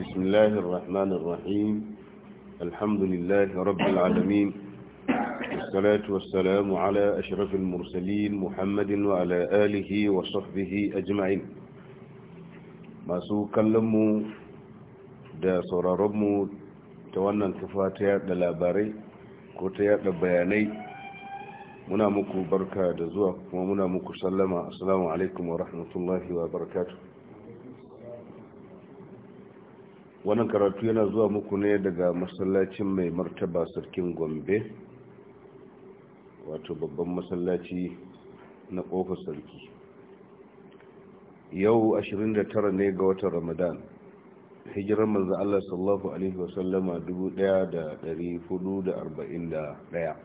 بسم الله الرحمن الرحيم الحمد لله رب العالمين والصلاة والسلام على أشرف المرسلين محمد وعلى آله وصحبه أجمعين ما سو كلمو دا ربمو توانا كفاتيا دا لاباري كوتيا دا بياني منا مكو بركة دا زوا ومنا مكو سلم السلام عليكم ورحمة الله وبركاته wannan karatu yana zuwa muku ne daga masallacin mai martaba sarkin gombe wato babban masallaci na kofar sarki yau 29 ne ga watan ramadan hijirar manzan Allah sallallahu alaihi wasallama 1441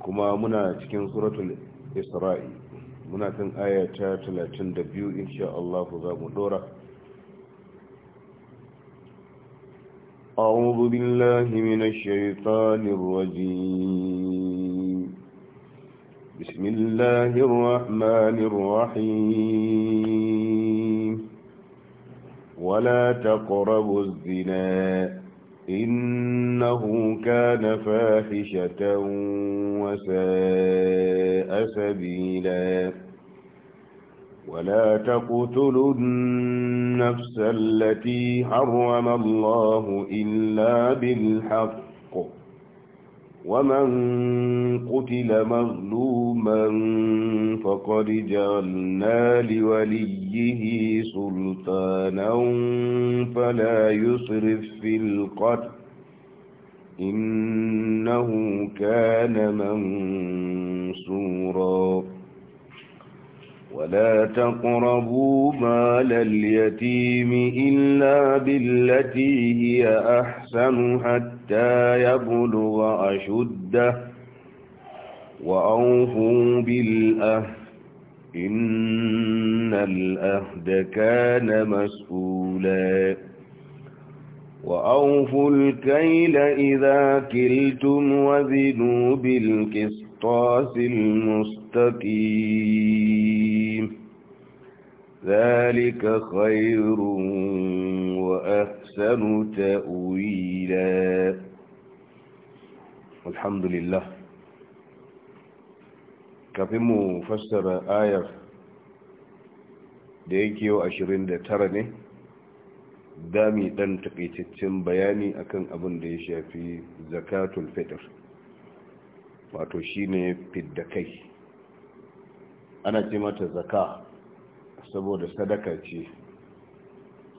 kuma muna cikin suratul isra'i muna kan aya ta 32 insha Allah za mu dora أعوذ بالله من الشيطان الرجيم بسم الله الرحمن الرحيم ولا تقربوا الزنا إنه كان فاحشة وساء سبيلاً ولا تقتلوا النفس التي حرم الله إلا بالحق ومن قتل مظلوما فقد جعلنا لوليه سلطانا فلا يسرف في القتل إنه كان منصوراً ولا تقربوا مال اليتيم إلا بالتي هي أحسن حتى يبلغ أشده وأوفوا بالأهد إن الأهد كان مسؤولا وأوفوا الكيل إذا كلتم وزنوا بالقسطاس المستقيم ذلك خير وأحسن تأويلا الحمد لله kafin mu fassara ayar da yake yau ashirin da tara ne dami ɗan takaitaccen bayani akan abin da ya shafi zakatul fitr wato shine fidda kai ana ce mata zaka saboda sadaka ce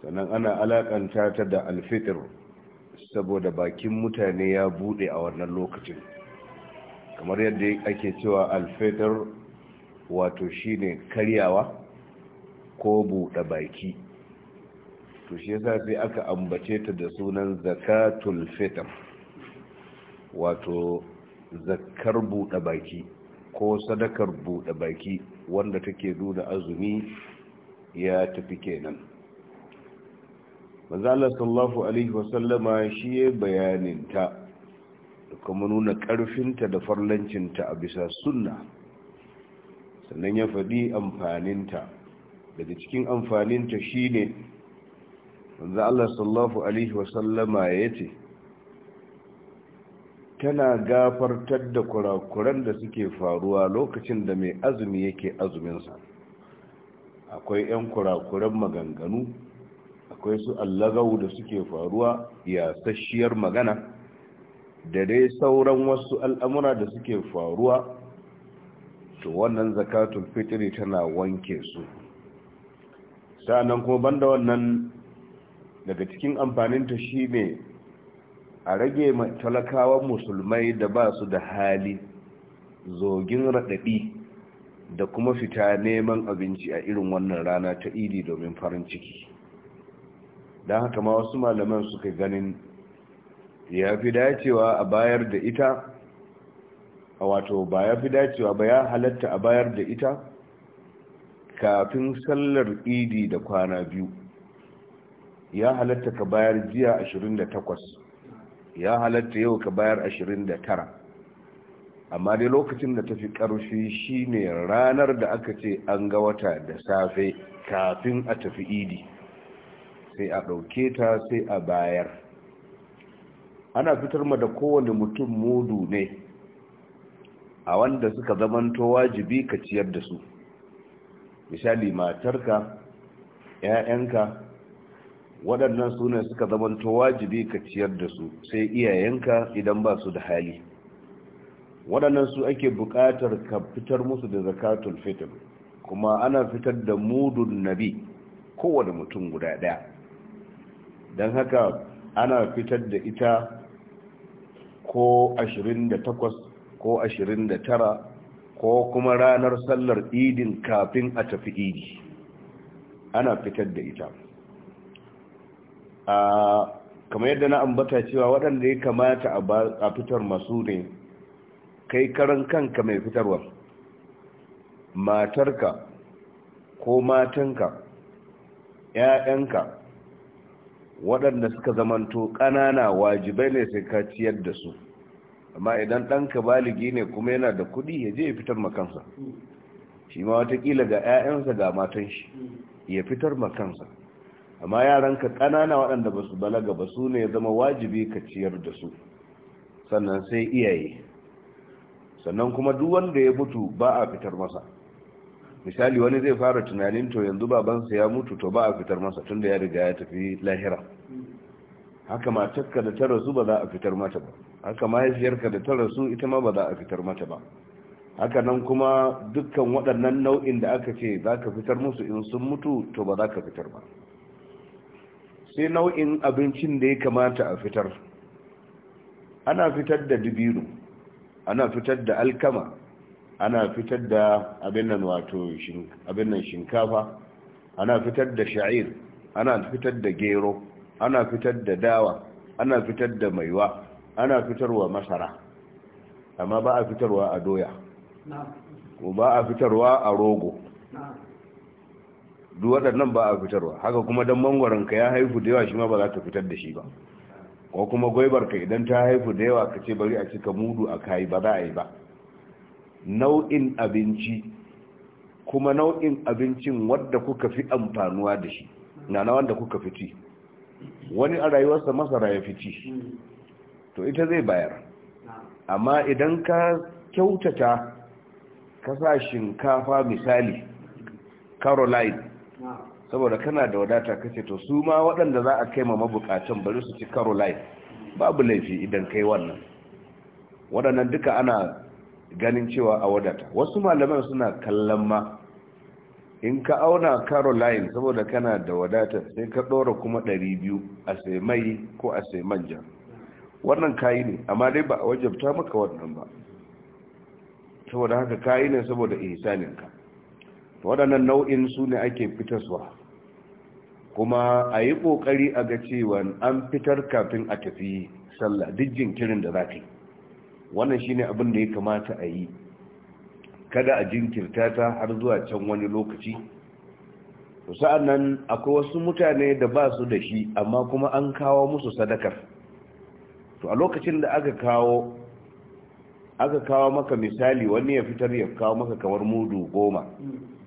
sannan ana alakanta ta da alfitir saboda bakin mutane ya bude a wannan lokacin kamar yadda ake cewa alfitir wato shine karyawa ko buɗe baki to shi yasa sai aka ambace ta da sunan zakatul fitr wato zakar buɗe baki ko sadakar buɗe baki wanda take nuna azumi ya tafi kenan mazalar sallallahu alaihi wasallama shi ya bayaninta da kuma nuna ƙarfinta da farlancinta a bisa sunna sannan ya faɗi amfaninta daga cikin amfaninta shi ne wanzu Allah sallallahu alaihi wasallama ya ce tana gafartar da kurakuran da suke faruwa lokacin da mai azumi yake azuminsa akwai 'yan kurakuran maganganu akwai su allagau da suke faruwa yasasshiyar magana da dai sauran wasu al'amura da suke faruwa to wannan zakatun fitiri tana wanke su sa'annan kuma banda wannan daga cikin amfaninta shi ne a rage talakawan musulmai da ba su da hali zogin raɗaɗi da kuma fita neman abinci a irin wannan rana ta idi domin farin ciki don haka ma wasu malaman suka ganin ya fi dacewa a bayar da ita a wato ba ya fi dacewa ba ya halatta a bayar da ita kafin sallar idi da kwana biyu ya halatta ka bayar jiya 28 ya halatta yau ka bayar 29 amma dai lokacin da ta tafi shi shine ranar da aka ce an ga wata da safe kafin a tafi idi sai a ɗauke ta sai a bayar ana fitar ma da kowane mutum mudu ne a wanda suka zamanto wajibi ka ciyar da su misali matarka 'ya'yanka waɗannan su ne suka zamanto wajibi ka ciyar da su sai iyayenka idan ba su da hali waɗannan su ake buƙatar ka fitar musu da zakatul fitr kuma ana fitar da mudun nabi kowane mutum guda ɗaya don haka ana fitar da ita ko 28 ko 29 ko kuma ranar sallar idin kafin a tafi idi ana fitar da ita a ah, kamar yadda na ambata cewa waɗanda ya kamata a fitar masu ne kai karan kanka mai fitarwa matarka ko matanka ‘ya'yanka waɗanda suka zamanto ƙanana wajibai ne sai ka ciyar da su amma idan ɗanka baligi ne kuma yana da kuɗi ya je ya fitar makansa shi ma watakila ga 'ya'yansa ga matan shi ya fitar makansa amma yaranka ƙanana waɗanda ba su balaga ba su ne ya zama wajibi ka ciyar da su sannan sai iyaye sannan kuma duk wanda ya mutu ba a fitar masa misali wani zai fara tunanin to yanzu babansa ya mutu to ba a fitar masa tunda ya riga ya tafi lahira haka ma matarka da tarasu ba za a fitar mata ba haka ma ka da ta rasu ita ma ba za a fitar mata ba haka nan kuma dukkan waɗannan nau'in da aka ce za ka fitar musu in sun mutu to ba za ka fitar ba sai nau'in abincin da ya kamata a fitar ana fitar da dubiru ana fitar da alkama ana fitar da abin wato abin shinkafa ana fitar da sha'ir ana fitar da gero ana fitar da dawa ana fitar da maiwa ana fitarwa masara amma ba a fitarwa a doya ko ba a fitarwa a rogo duk waɗannan ba a fitarwa haka kuma don mangwaronka ya haifu da yawa shi ma ba za ta fitar da shi ba ko kuma gwaibar ka idan ta haifu da yawa ka ce bari a cika mudu a kayi ba za a yi ba nau'in abinci kuma nau'in abincin wadda kuka fi amfanuwa da shi na na wanda kuka fiti wani a rayuwarsa masara ya fiti to ita zai bayar amma idan ka kyautata ka sa shinkafa misali caroline saboda kana da wadata kace to su ma waɗanda za a kai ma mabukatan bari su ci karo life babu laifi idan kai wannan waɗannan duka ana ganin cewa a wadata wasu malaman suna kallon ma in ka auna caroline saboda kana da wadata sai ka ɗora kuma 200 a sai mai ko a sai manja wannan kayi ne amma dai ba a wajabta maka wannan ba saboda haka kayi ne saboda ihsaninka waɗannan nau'in su ne ake fitaswa kuma a yi ƙoƙari a ga cewa an fitar kafin a tafi sallah duk jinkirin da za ka yi wannan shine abin da ya kamata a yi kada a jinkirta ta har zuwa can wani lokaci sa'an nan akwai wasu mutane da ba su da shi amma kuma an kawo musu sadakar to a lokacin da aka kawo aka kawo maka misali wani ya fitar ya kawo maka kamar mudu goma hmm.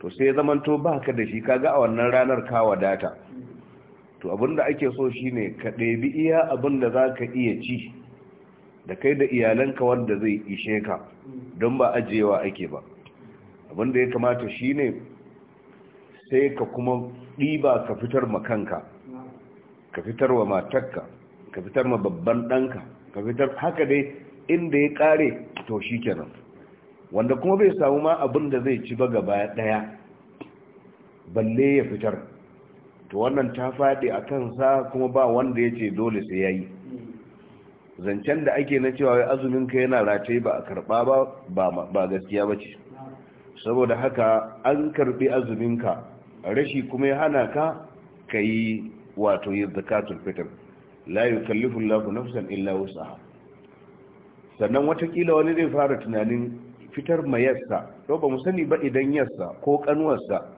to sai zamanto ba ka da shi kaga a wannan ranar ka wadata to abinda ake so shine ka ɗebi iya da za ka iya ci da kai da iyalanka wanda zai ishe ka don ba ajiyewa ake ba abinda ya kamata shine sai ka kuma ɗiba ka fitar ma kanka ka fitar wa matakka ka fitar ma babban ɗanka ka fitar haka dai inda ya ƙare to shi kenan wanda kuma bai samu ma abin da zai ci ba gaba daya balle ya fitar to wannan ta faɗi a kansa kuma ba wanda ya ce dole sai ya yi zancen da ake na cewa azumin ka yana rataye ba a karɓa ba ba gaskiya ba ce saboda haka an karɓi azumin ka rashi kuma ya hana ka ka yi wato yi zakatun fitar la yukallifu Allahu nafsan illa wusaha sannan watakila wani zai fara tunanin fitar ma yassa to ba mu sani ba idan yassa ko kanuwarsa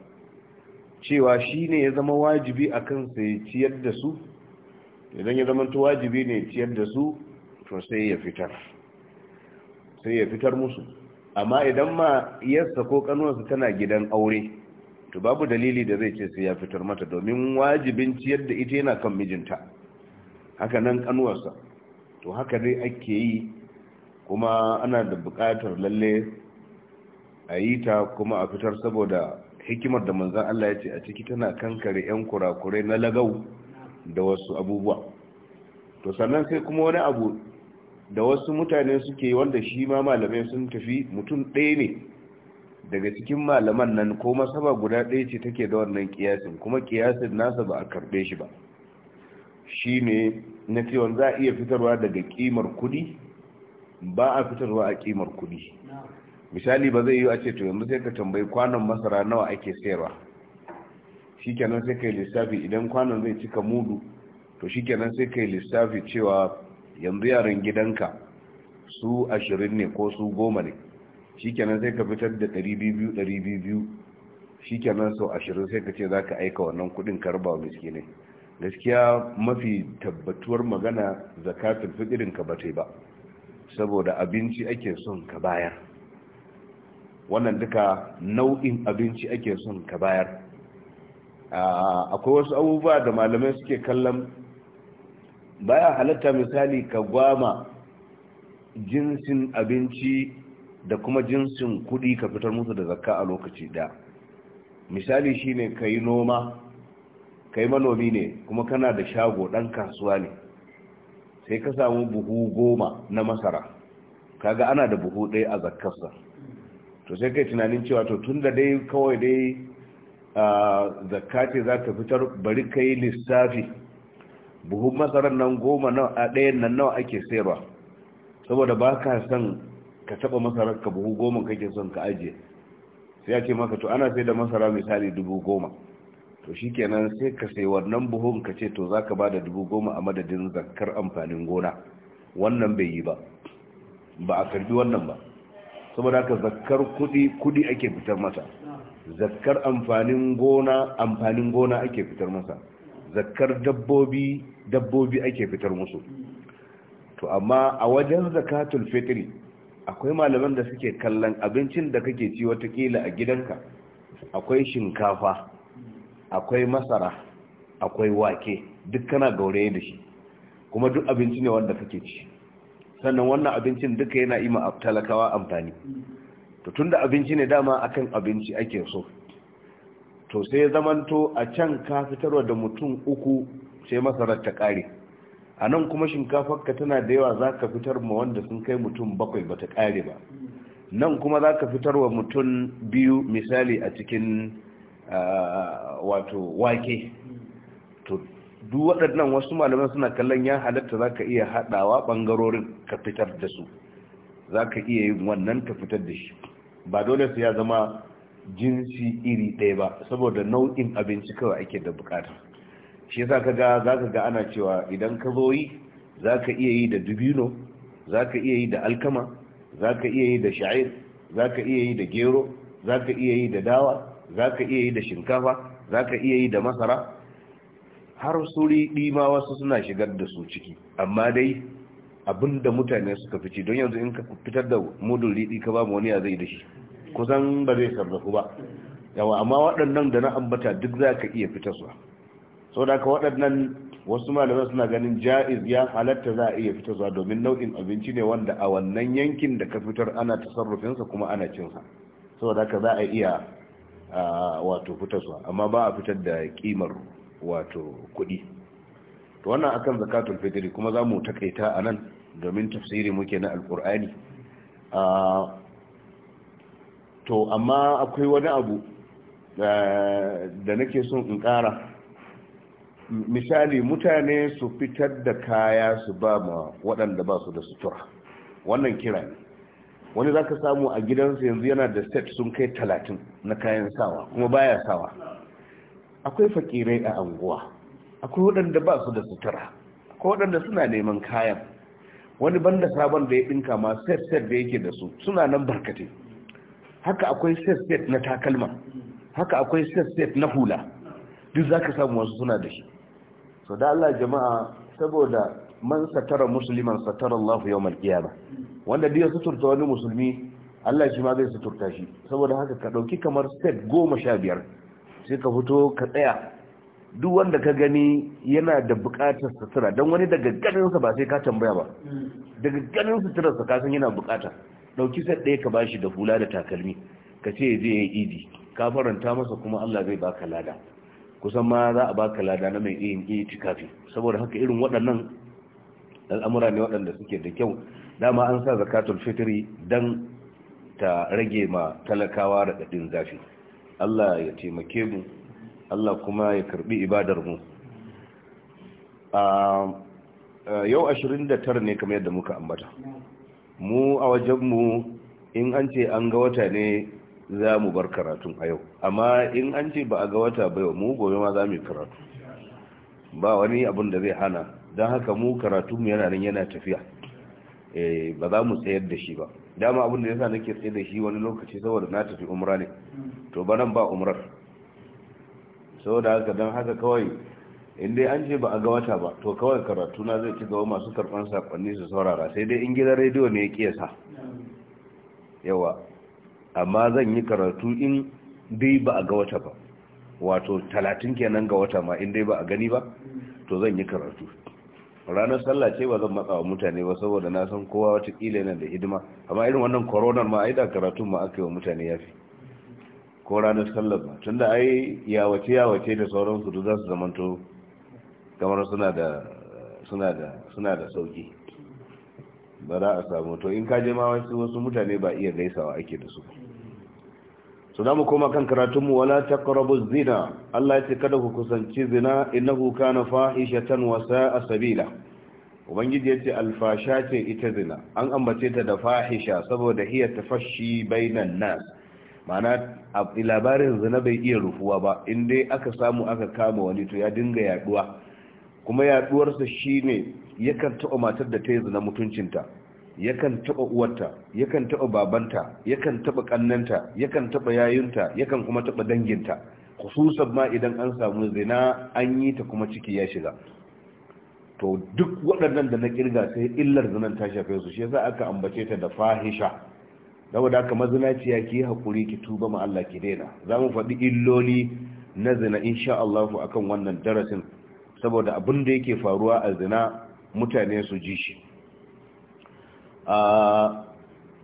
cewa shi ne ya zama wajibi a kansa ya ciyar da su idan ya zama wajibi ne ya ciyar da su to sai ya fitar sai ya fitar musu amma idan ma yassa ko kanuwarsa tana gidan aure to babu dalili da zai ce sai ya fitar mata domin wajibin ciyar da ita yana kan mijinta haka nan kanuwarsa to haka dai ake yi kuma ana da buƙatar lalle a yi ta kuma a fitar saboda hikimar da manzan Allah ya ce a ciki tana kankare 'yan kurakurai na lagau da wasu abubuwa to sannan sai kuma wani abu da wasu mutane suke wanda shi ma malamai sun tafi mutum ɗaya ne daga cikin malaman nan ko masaba guda ɗaya ce take da wannan kiyasin kuma kiyasin nasa ba a karɓe shi ba shi ne na cewa za a iya fitarwa daga ƙimar kuɗi ba a fitarwa a kimar kudi misali ba zai yi a ce to yanzu sai ka tambayi kwanon masara nawa ake sayarwa shikenan sai kai lissafi idan kwanon zai cika mudu to shikenan sai kai lissafi cewa yanzu yaran gidanka su ashirin ne ko su goma ne shikenan sai ka fitar da ɗari biyu ɗari biyu shikenan sau ashirin sai ka ce za ka aika wannan kuɗin karba miski ne gaskiya mafi tabbatuwar magana zakatun fiɗirin ka ba ta ba saboda abinci ake son ka bayar wannan duka nau'in abinci ake son ka bayar ah, akwai wasu abubuwa da malamai suke kallon baya halatta misali ka gwama jinsin abinci da kuma jinsin kudi ka fitar musu da zakka a lokaci da misali shine ka yi noma ka yi manomi ne kuma kana da shago dan kasuwa ne sai ka samu buhu goma na masara kaga ana da buhu ɗaya a zakkarsa to sai kai tunanin cewa to tun da dai kawai dai zakka ce za ka fitar bari ka yi lissafi buhun masarar nan goma a ɗayan nan nawa ake sayarwa saboda ba ka son ka taɓa masarar ka buhu goma kake son ka ajiye sai ya ce maka to ana sai da masara misali dubu goma to kenan sai ka sai wannan buhun ka ce to zaka da dubu goma a madadin zakkar amfanin gona wannan bai yi ba ba a karbi wannan ba saboda haka zakar kudi kudi ake fitar masa zakkar amfanin gona amfanin gona ake fitar masa zakar dabbobi dabbobi ake fitar musu to amma a wajen zakatul fitri akwai malaman da suke kallon abincin da kake ci watakila a gidanka akwai shinkafa akwai masara akwai wake duk kana gauraye da shi kuma duk abinci ne wanda kake ci sannan wannan abincin duka yana yi ma talakawa amfani to tunda abinci ne dama akan abinci ake so to sai zamanto a can ka fitarwa da mutum uku sai masarar ta kare a nan kuma shinkafarka tana da yawa za ka fitar ma wanda sun kai mutum bakwai ba ta kare ba nan kuma za ka wa mutum biyu misali a cikin wato wake to duk waɗannan wasu malaman suna kallon ya halatta za ka iya haɗawa ɓangarorin ka fitar da su za ka iya yin wannan ka fitar da shi ba dole su ya zama jinsi iri ɗaya ba saboda nau'in abinci kawai ake da bukata shi yasa ka ga za ka ga ana cewa idan ka zo yi za ka iya yi da dubino za ka iya yi da alkama za ka iya yi da sha'ir za ka iya yi da gero za ka iya yi da dawa za ka iya yi da shinkafa za ka iya yi da masara har suri ma wasu suna shigar da su ciki amma dai abin da mutane suka fice don yanzu in ka fitar da mudun riɗi ka ba wani ya zai da shi kusan ba zai sarrafu ba yawa amma waɗannan da na ambata duk za ka iya fitar su sau da ka waɗannan wasu malamai suna ganin ja'iz ya halatta za a iya fitar su domin nau'in abinci ne wanda a wannan yankin da ka fitar ana tasarrufinsa kuma ana cinsa sau da ka za a iya wato fitarsa amma ba a fitar da kimar wato kudi to wannan akan zakatul fitr kuma za mu takaita a nan domin tafsiri muke na alkur'ani to amma akwai wani abu da nake son in kara misali mutane su fitar da kaya su ba ma waɗanda ba su da sutura wannan kira ne wani za ka samu a gidansa yanzu yana da set sun kai talatin na kayan sawa kuma baya sawa akwai fakirai a anguwa akwai waɗanda ba su da sutura akwai waɗanda suna neman kayan wani banda sabon da ya ɗinka ma set set da yake da su suna nan barkate haka akwai set set na takalma haka akwai set set na hula duk za ka samu wasu suna da shi so Allah jama'a saboda man satara musliman satara Allah yawmal qiyamah wanda biya suturta wani musulmi Allah shi ma zai suturta shi saboda haka ka dauki kamar set step 15 sai ka fito ka tsaya duk wanda ka gani yana da bukatar satara don wani daga ganinsa ba sai ka tambaya ba daga ganin sa ka san yana bukata dauki set ɗaya ka bashi da hula da takalmi ka ce zai yi idi ka faranta masa kuma Allah zai baka lada kusan ma za a baka lada na mai yin itikafi saboda haka irin waɗannan al'amura ne waɗanda suke da kyau dama an sa zakatul fitri dan ta rage ma talakawa raɗaɗin zafi Allah ya taimake mu Allah kuma ya karbi ibadar mu yau 29 ne kamar yadda muka ambata mu a wajenmu in an ce an ga wata ne za mu bar karatun a yau amma in an ce ba a ga wata bai mu gobe ma za mu karatu ba wani abin da zai hana don haka mu karatu mu yana nan yana tafiya eh, ba za mu tsayar da shi ba dama abin da yasa nake tsayar da shi wani lokaci saboda na tafi umra ne to ba nan ba umrar saboda haka don haka kawai in dai an ce ba a ga wata ba to kawai karatu na zai ci gaba masu karban sakonni su saurara sai dai in gidan rediyo ne ya kiyasa yawa amma zan yi karatu in dai ba a ga wata ba wato talatin kenan ga wata ma in dai ba a gani ba to zan yi karatu ranar sallah ce ba zan matsa wa mutane ba saboda na san kowa wata kila yana da hidima amma irin wannan koronar ma ai da karatun ma aka wa mutane ya fi ko ranar sallah ba tunda ai yawace yawace da sauransu duk za su zamanto kamar suna da suna da suna da sauki ba za a samu to in ka je ma wasu wasu mutane ba iya gaisawa ake da su to da mu koma kan karatunmu wala taqrabu zina Allah ya ce kada ku kusanci zina kuka na fahishatan wasa a sabila ubangiji ya ce alfasha ce ita zina an ambace ta da fahisha saboda iya tafashi nan nas mana a labarin zina bai iya rufuwa ba in dai aka samu aka kama wani to ya dinga yaduwa kuma yaduwarsa shine yakan taɓa matar da ta yi zina mutuncinta yakan taba uwarta yakan taɓa babanta yakan taba kannanta yakan taba yayunta yakan kuma taba danginta khususan ma idan an samu zina an yi ta kuma ciki ya shiga to duk waɗannan da na kirga sai illar zinan ta shafe su shi yasa aka ambace ta da fahisha saboda haka mazinaciya ki hakuri ki tuba ma Allah ki daina za mu faɗi illoli na zina insha Allah akan wannan darasin saboda abin da yake faruwa a zina mutane su ji shi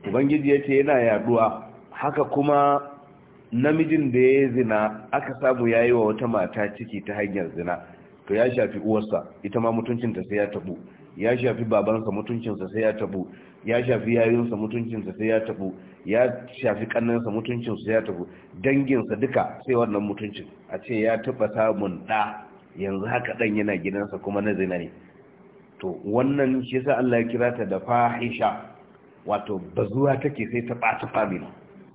ubangiji ya ce yana yaduwa haka kuma namijin da ya zina aka samu ya yi wa wata mata ciki ta hanyar zina to ya shafi uwarsa ita ma mutuncinta sai ya tabu ya shafi babansa mutuncinsa sai ya tabu ya shafi yayinsa mutuncinsa sai ya tabu ya shafi kannansa mutuncinsa sai ya tabu danginsa duka sai wannan mutuncin a ce ya taɓa samun ɗa yanzu haka ɗan yana gidansa kuma na zina ne to wannan shi yasa Allah ya kira ta da fahisha wato bazuwa take sai ta bata family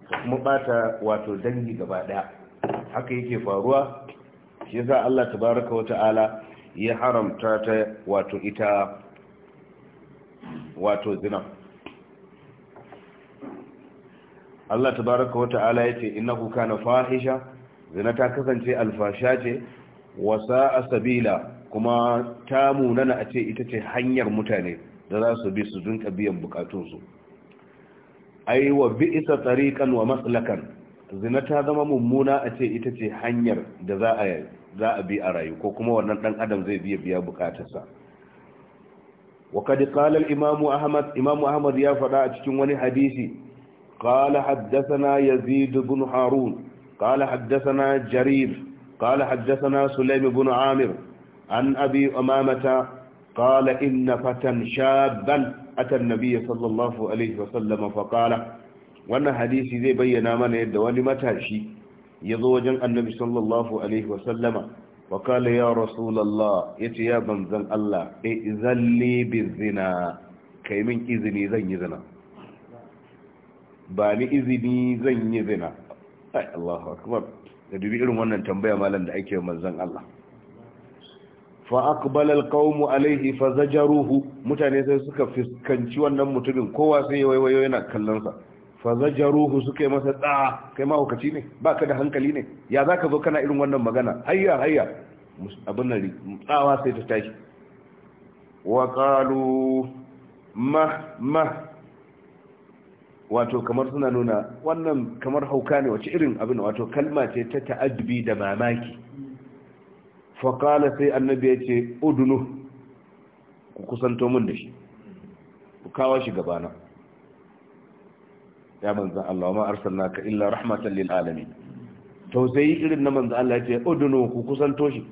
ta kuma bata wato dangi gaba daya haka yake faruwa shi yasa Allah tabaraka wa ta'ala ya haramta ta wato ita wato zina Allah tabaraka wa ta'ala yace innahu kana fahisha zina ta kasance alfasha ce wasa sabila kuma ta munana a ce ita ce hanyar mutane da za su bi su dinka biyan bukatunsu ai wa bi isa tsarikan wa matsalakan zina ta zama mummuna a ce ita ce hanyar da za a bi a rayu ko kuma wannan dan adam zai biya biya bukatarsa wa kad qala imamu ahmad ya faɗa a cikin wani hadisi qala haddathana yazid ibn harun qala haddathana jarir qala haddathana bin amir عن أبي أمامة قال إن فتى شابا أتى النبي صلى الله عليه وسلم فقال وأن حديثي ذي بينا من يدوان متاشي يضوجا النبي صلى الله عليه وسلم وقال يا رسول الله يتي يا بنزن الله إذن لي بالزنا kai min izini zan yi zina ba ni izini zan yi zina ai Allahu akbar da dubi irin wannan tambaya malam da ake manzon Allah fa aqbala alqawmu alayhi fa zajaruhu mutane sai suka fiskanci wannan mutumin kowa sai ya waiwayo yana kallon sa fa zajaruhu suka yi masa da kai ma hukaci ne baka da hankali ne ya zaka zo kana irin wannan magana hayya hayya abin nan tsawa sai ta tashi wa qalu ma ma wato kamar suna nuna wannan kamar hauka ne wace irin abin wato kalma ce ta ta'addubi da mamaki faƙala sai annabi ya ce udunu ku kusanto min da shi ku kawo shi gabana ya manzan Allah ma arsalna ka illa rahmatan lil alamin tausayi irin na manzan Allah ya ce udunu ku kusanto shi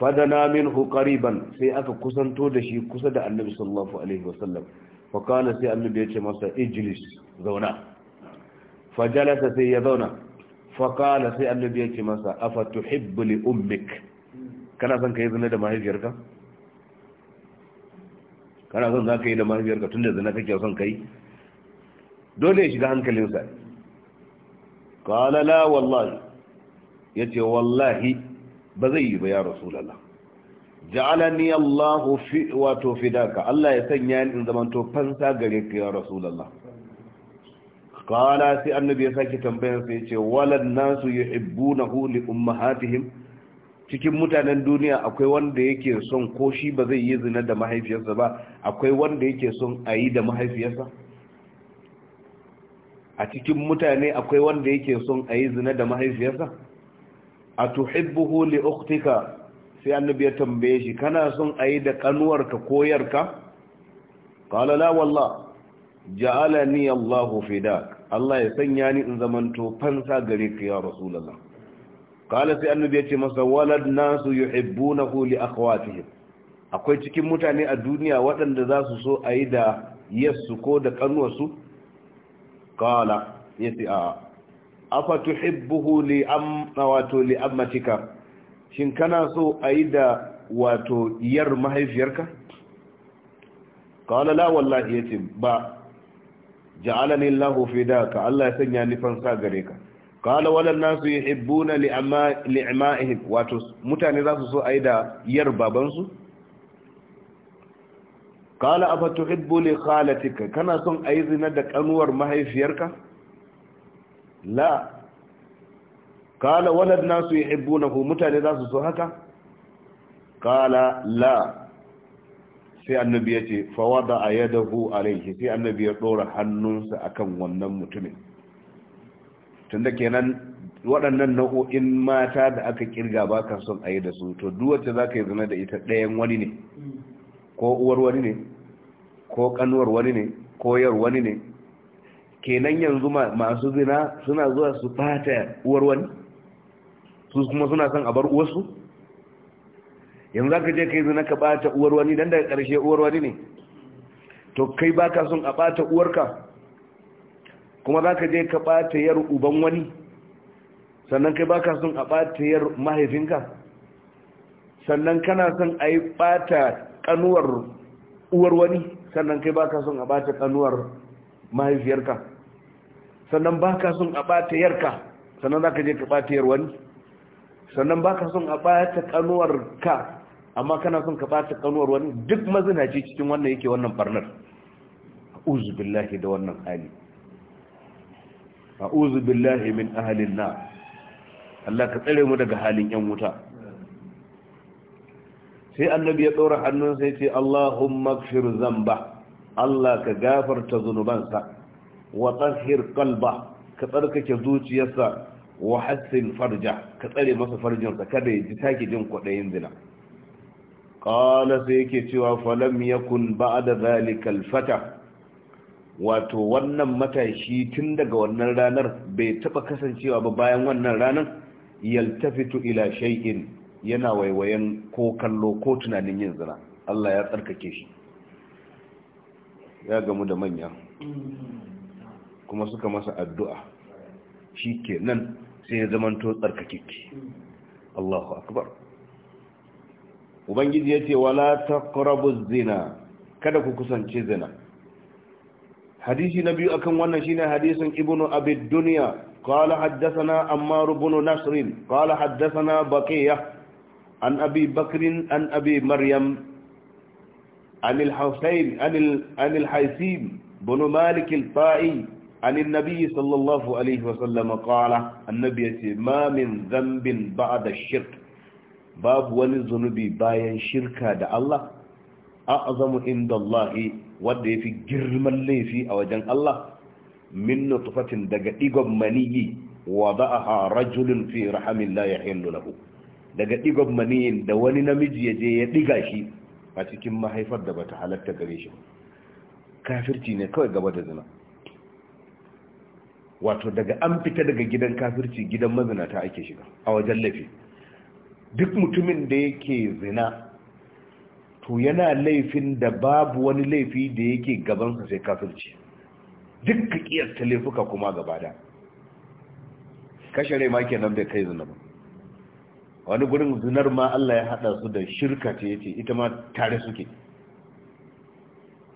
fadana minhu qariban sai aka kusanto da shi kusa da annabi sallallahu alaihi wasallam faƙala sai annabi ya ce masa ijlis zauna fajalasa sai ya zauna faƙala sai annabi ya ce masa afatuhibbu li ummik kana son ka yi zina da mahaifiyarka kana son za ka yi da mahaifiyarka tun da zina kake son ka yi dole ya shiga hankalinsa kala wallahi ya ce wallahi ba zai yi ba ya rasulallah ja'alani allahu fi wato fidaka allah ya sanya ni in zamanto fansa gare ka ya rasulallah kala sai annabi ya sake tambayar sai ya ce walan nasu yuhibbunahu li ummahatihim cikin mutanen duniya akwai wanda yake son ko shi ba zai yi zina da mahaifiyarsa ba akwai wanda yake son a yi da mahaifiyarsa a cikin mutane akwai wanda yake son a yi zina da mahaifiyarsa a tuhibbuhu li uktika sai annabi ya tambaye shi kana son a yi da kanuwarka koyarka qala la wallah ja'alani allah fidak allah ya sanya ni in zamanto fansa gare ka ya rasulullah qala sai annabi yace masa walad nasu yuhibbunahu li akhwatihim akwai cikin mutane a duniya waɗanda za su so a yi da yassu ko da ƙanwarsu qala yace a afa tuhibbuhu li am wato li ammatika shin kana so a yi da wato yar mahaifiyarka qala la wallahi yace ba ja'alani Allahu fidaka Allah ya sanya ni sa gare ka qala walan nasu yuhibbuna li'ama'ihim wato mutane za su so ai da yar babansu qala afa tuhibbu li khalatika kana son a yi zina da kanuwar mahaifiyarka la qala walan nasu yuhibbunahu mutane za su so haka kala la sai annabi ya ce fawada a yadahu alaihi sai annabi ya dora hannunsa akan wannan mutumin tunda kenan waɗannan nau'o'in mata da aka kirga ba ka son a yi da su to duwace za ka yi zina da ita ɗayan wani ne ko uwar wani ne ko kanuwar wani ne ko yar wani ne kenan yanzu masu zina suna zuwa su ɓata uwar wani su kuma suna son a bar uwarsu yanzu za ka je ka yi zina ka ɓata uwar wani don daga ƙarshe uwar wani ne to kai ba ka son a ɓata uwarka kuma za ka je ka ɓata yar uban wani sannan kai ba ka son a ɓata yar mahaifinka sannan kana son a yi ɓata ƙanuwar uwar wani sannan kai ba ka son a ɓata ƙanuwar mahaifiyarka sannan ba ka son a ɓata yarka sannan za ka je ka ɓata yar wani sannan ba ka son a ɓata ƙanuwar ka amma kana son ka ɓata ƙanuwar wani duk mazinaci cikin wannan yake wannan barnar uzubillahi da wannan hali a'udhu billahi min ahlin nar Allah ka tsare mu daga halin yan wuta sai annabi ya ɗora hannun sai ce Allahumma gfir zamba Allah ka gafarta zunubansa wa tahhir qalba ka tsarkake zuciyarsa wa hassin farja ka tsare masa farjinsa kada ya ji taki jin kwaɗayin zina ƙala sai yake cewa falam yakun ba'da zalika alfata wato wannan matashi tun daga wannan ranar bai taba kasancewa ba bayan wannan ranar yaltafitu ila shay'in yana waiwayen ko kallo ko tunanin yin zina Allah ya tsarkake shi ya gamu da manya kuma suka masa addu'a shi nan sai ya zamanto tsarkakeke Allahu akbar ubangiji ya ce wala taqrabuz zina kada ku kusance zina hadisi na biyu akan wannan shine hadisin ibnu abid dunya qala haddathana ammar ibn nasr qala haddathana baqiya an abi bakr an abi maryam عن الحسين عن عن الحيثيم an مالك الطائي عن النبي صلى الله عليه وسلم قال النبي ما من ذنب بعد الشرك babu wani zunubi bayan shirka da Allah أعظم عند الله wanda ya fi girman laifi a wajen Allah min nutfatin daga digon maniyi wa da'aha rajulun fi rahamin la yahillu lahu daga digon maniyin da wani namiji ya je ya diga shi a cikin mahaifar da bata halatta gare shi kafirci ne kawai gaba da zina wato daga an fita daga gidan kafirci gidan mazinata ake shiga a wajen laifi duk mutumin da yake zina to yana laifin da babu wani laifi da yake gabansa sai kafirci duk ka kiyasta laifuka kuma gaba da kashe ma kenan bai kai zina wani gurin zunar ma Allah ya hada su da shirka ce yace ita ma tare suke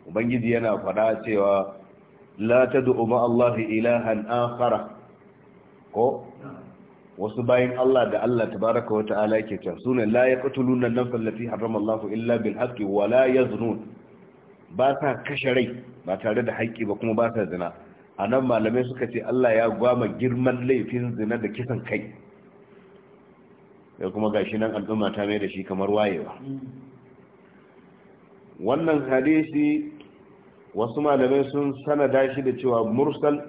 ubangiji yana faɗa cewa la tad'u ma Allah ilahan akhara ko wasu bayan Allah da Allah tabaraka wa ta'ala yake cewa sune la yaqtuluna an-nafsa allati harrama Allahu illa bil haqqi wa la yaznun ba sa kashe rai ba tare da haƙƙi ba kuma ba sa zina anan malamai suka ce Allah ya gwama girman laifin zina da kisan kai sai kuma gashi nan al'umma ta mai da shi kamar wayewa wannan hadisi wasu malamai sun sanada shi da cewa mursal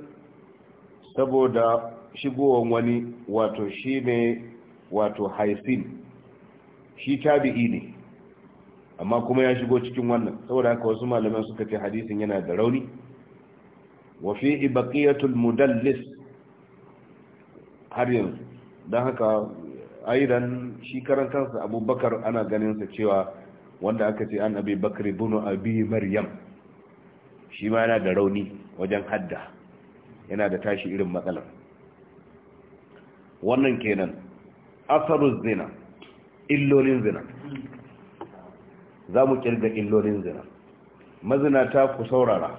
saboda shigowan wani wato shi ne wato haisin shi tabi'i ne amma kuma ya shigo cikin wannan saboda haka wasu malaman suka ce hadisin yana da rauni wa fi ibaqiyatul mudallis har yanzu don haka aidan shi karan kansa abubakar ana ganin sa cewa wanda aka ce an abi bakar ibn abi maryam shi ma yana da rauni wajen hadda yana da tashi irin matsalar wannan kenan asarun zina illolin zina za mu kirga illolin zina mazinata ku saurara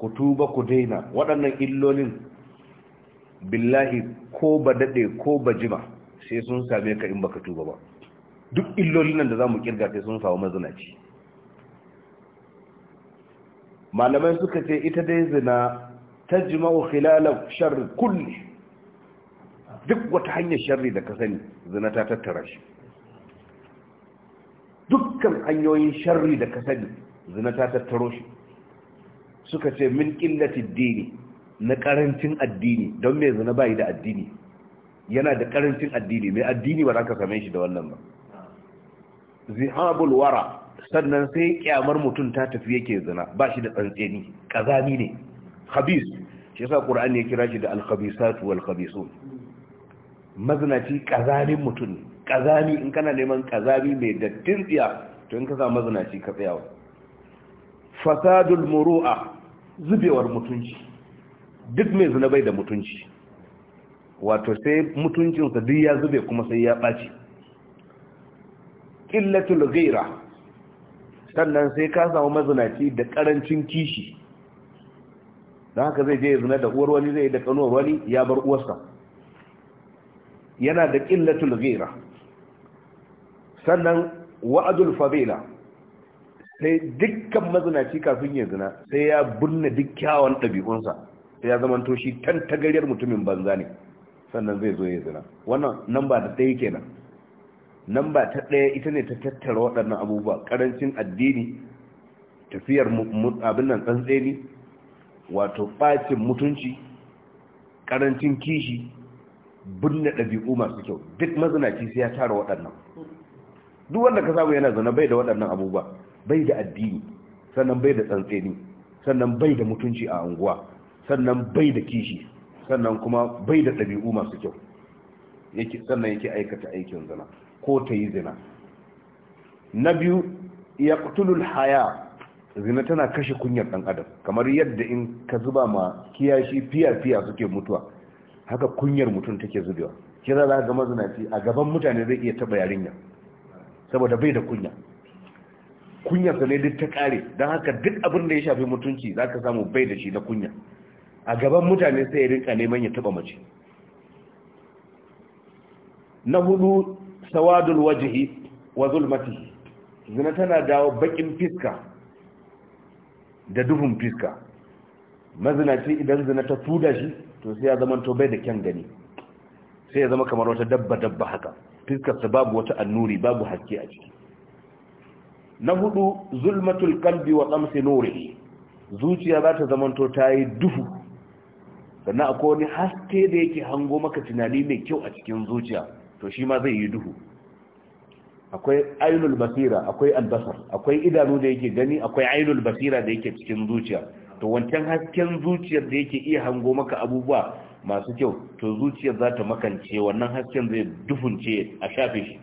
ku tuba ku daina waɗannan illolin billahi ko ba daɗe ko ba jima sai sun same ka in baka tuba ba duk illolin nan da za mu kirga sai sun samu mazinaci malamai suka ce ita dai zina ta jima'u khilalar shar kulli duk wata hanyar sharri da ka sani zina ta tattara shi dukkan hanyoyin sharri da ka sani zina ta tattaro shi suka ce min ƙillatin dini na ƙarancin addini don mai zina bai da addini yana da ƙarancin addini mai addini ba za ka same shi da wannan ba zihabul wara sannan sai kyamar mutum ta tafi yake zina ba shi da tsantseni kazami ne khabis shi yasa ƙur'ani ya kira shi da al-khabisatu mazinaci kazamin mutum ne kazami in kana neman kazami mai dattin tsiya to in ka sa mazinaci ka tsayawa fasadul muru'a zubewar mutunci duk mai zina bai da mutunci wato sai mutuncinsa duk ya zube kuma sai ya ɓaci illatul ghaira sannan sai ka samu mazinaci da karancin kishi don haka zai je ya zina da uwar wani zai da kanuwar wani ya bar uwarsa yana da ƙillatul ghira sannan wa'adul fadila sai dukkan mazinaci kafin ya zina sai ya binne duk kyawun ɗabi'unsa sai ya zama zamanto shi tantagaryar mutumin banza ne sannan zai zo ya zina wannan nan ba da ɗaya kenan nan ba ta ɗaya ita ne ta tattara waɗannan abubuwa ƙarancin addini tafiyar abin nan tsantseni wato ɓacin mutunci ƙarancin kishi binne ɗabi'u masu kyau duk mazinaci sai ya tara waɗannan duk wanda ka samu yana zana bai da waɗannan abubuwa bai da addini sannan bai da tsantseni sannan bai da mutunci a unguwa sannan bai da kishi sannan kuma bai da ɗabi'u masu kyau sannan yake aikata aikin zina ko ta yi zina na biyu ya kutulul haya zina tana kashe kunyar ɗan adam kamar yadda in ka zuba ma kiyashi fiya-fiya suke mutuwa haka kunyar mutum take zubewa kira za ga mazinaci a gaban mutane zai iya taba yarinya saboda bai da kunya kunyarsa ne duk ta kare don haka duk abin da ya shafi mutunci za ka samu bai da shi na kunya a gaban mutane sai ya rinka neman ya taba mace na hudu sawadul wajihi wa zulmati zina tana dawo bakin fiska da duhun fiska mazinaci idan zina ta tuda shi to sai ya zama to bai da kyan gani sai ya zama kamar wata dabba dabba haka fiskarsa babu wata annuri babu haske a ciki na hudu zulmatul kalbi wa tsamsi nuri zuciya za ta zamanto ta yi duhu sannan akwai wani haske da yake hango maka tunani mai kyau a cikin zuciya to shi ma zai yi duhu akwai ainul basira akwai albasar akwai idanu da yake gani akwai ainul basira da yake cikin zuciya to wancan hasken zuciyar da yake iya hango maka abubuwa masu kyau to zuciyar za ta makance wannan hasken zai dufunce a shafe shi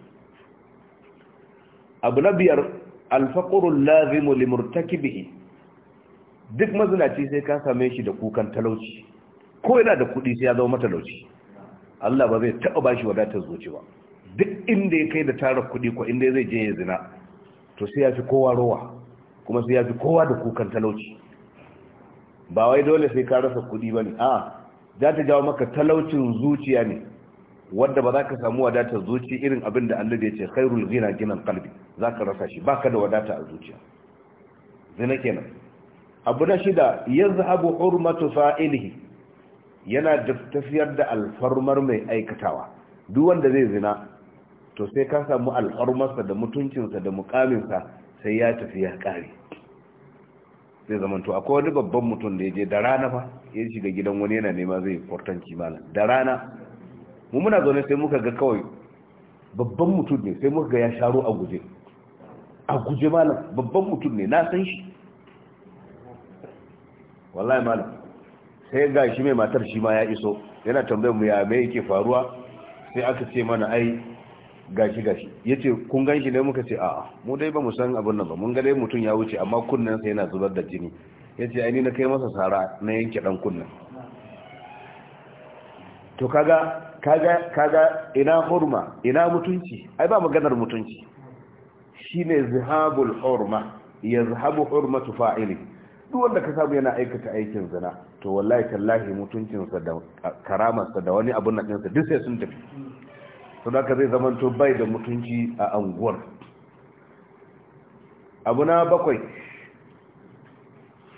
abu na biyar alfaƙurun lazimu limurtaki bihi duk mazinaci sai ka same shi da kukan talauci ko yana da kuɗi sai ya zama matalauci Allah ba zai taɓa ba shi wadatar zuci ba duk inda ya kai da tara kuɗi ko inda zai je ya zina to sai ya fi kowa rowa kuma sai ya fi kowa da kukan talauci ba wai dole sai ka rasa kuɗi ba ne a za ta jawo maka talaucin zuciya ne wadda ba za ka samu wadatar zuci irin abin da Allah ya ce khairul zina ginan kalbi za ka rasa shi ba ka da wadata a zuciya zina kenan abu na shida yazhabu hurmatu fa'ilihi yana tafiyar da alfarmar mai aikatawa duk wanda zai zina to sai ka samu alfarmarsa da mutuncinsa da mukaminsa sai ya tafi ya ƙare. zai zamanto akwai wani babban mutum da ya je da rana fa ya shiga gidan wani yana nema zai kwartanci malam da rana mu muna zaune sai muka ga kawai babban mutum ne sai muka ga ya sharo a guje a guje malam babban mutum ne na san shi wallahi malam sai ga shi mai matar shi ma ya iso yana tambayar mu ya me yake faruwa sai aka ce mana ai gashi gashi yace kun gan shi ne muka ce a'a mu dai ba mu san abin nan ba mun ga dai mutum ya wuce amma kunnen sa yana zubar da jini yace ai ni na kai masa sara na yanke dan kunnen to kaga kaga kaga ina hurma ina mutunci ai ba maganar mutunci shine zihabul hurma yazhabu hurmatu fa'ili duk wanda ka samu yana aikata aikin zina to wallahi tallahi mutuncinsa da karamarsa da wani abun nan sa duk sai sun tafi to da zai zamanto bai da mutunci a anguwar abu na bakwai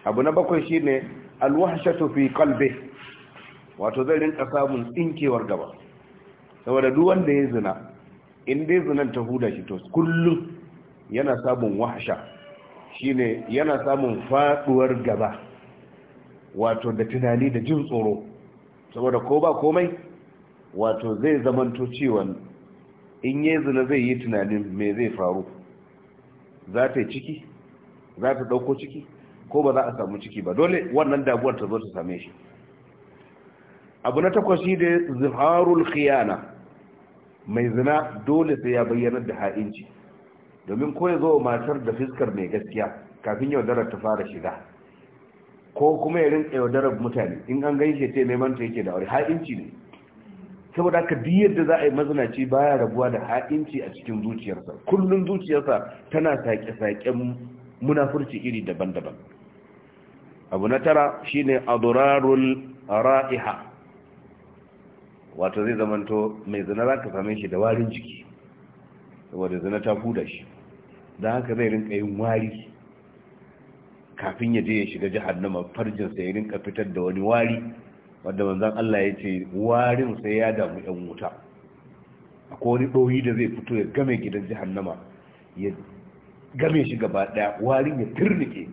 abu na bakwai shine alwahshatu fi kalbe wato zai rinka samun tsinkewar gaba saboda duk wanda ya zina in dai zinan ta huda shi to kullum yana samun wahsha ne yana samun faduwar gaba wato da tunani da jin tsoro saboda ko ba komai wato zai zamanto cewa in ya zina zai yi tunanin me zai faru za ta yi ciki za ta ɗauko ciki ko ba za a samu ciki ba dole wannan damuwar ta zo ta same shi abu na takwas shi da zuharul khiyana mai zina dole sai ya bayyanar da ha'inci domin ko ya zo matar da fiskar mai gaskiya kafin yaudarar ta fara shiga ko kuma ya rinka yaudarar mutane in an gaishe ce neman ta yake da wari ha'inci ne saboda haka duk yadda za a yi mazinaci baya rabuwa da ha'inci a cikin zuciyarsa kullum zuciyarsa tana saƙe-saƙen munafurci iri daban-daban abu na tara shine adurarul ra'iha wato zai zamanto mai zina za ka same shi da warin jiki saboda zina ta huda shi don haka zai rinka yin wari kafin ya je ya shiga jihannama farjinsa ya rinka fitar da wani wari wanda manzan Allah ya ce warin sai ya damu yan wuta akwai wani ɗoyi da zai fito ya game gidan jihannama ya game shi gaba ɗaya warin ya turnike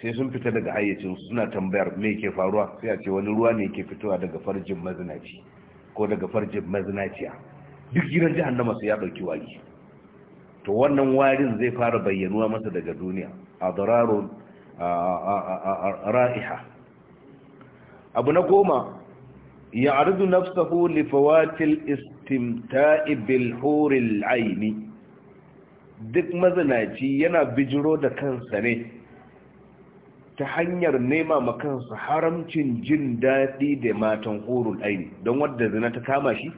sai sun fita daga hayyacin suna tambayar me ke faruwa sai a ce wani ruwa ne ke fitowa daga farjin mazinaci ko daga farjin mazinaciya duk gidan jihannama sai ya ɗauki wari to wannan warin zai fara bayyanuwa masa daga duniya a a ra'iha abu na goma ya arzu nafsahu li fawatil istimta'i bil huril aini duk mazinaci yana bijiro da kansa ne ta hanyar nema ma kansa haramcin jin daɗi da matan hurul aini don wadda zina ta kama shi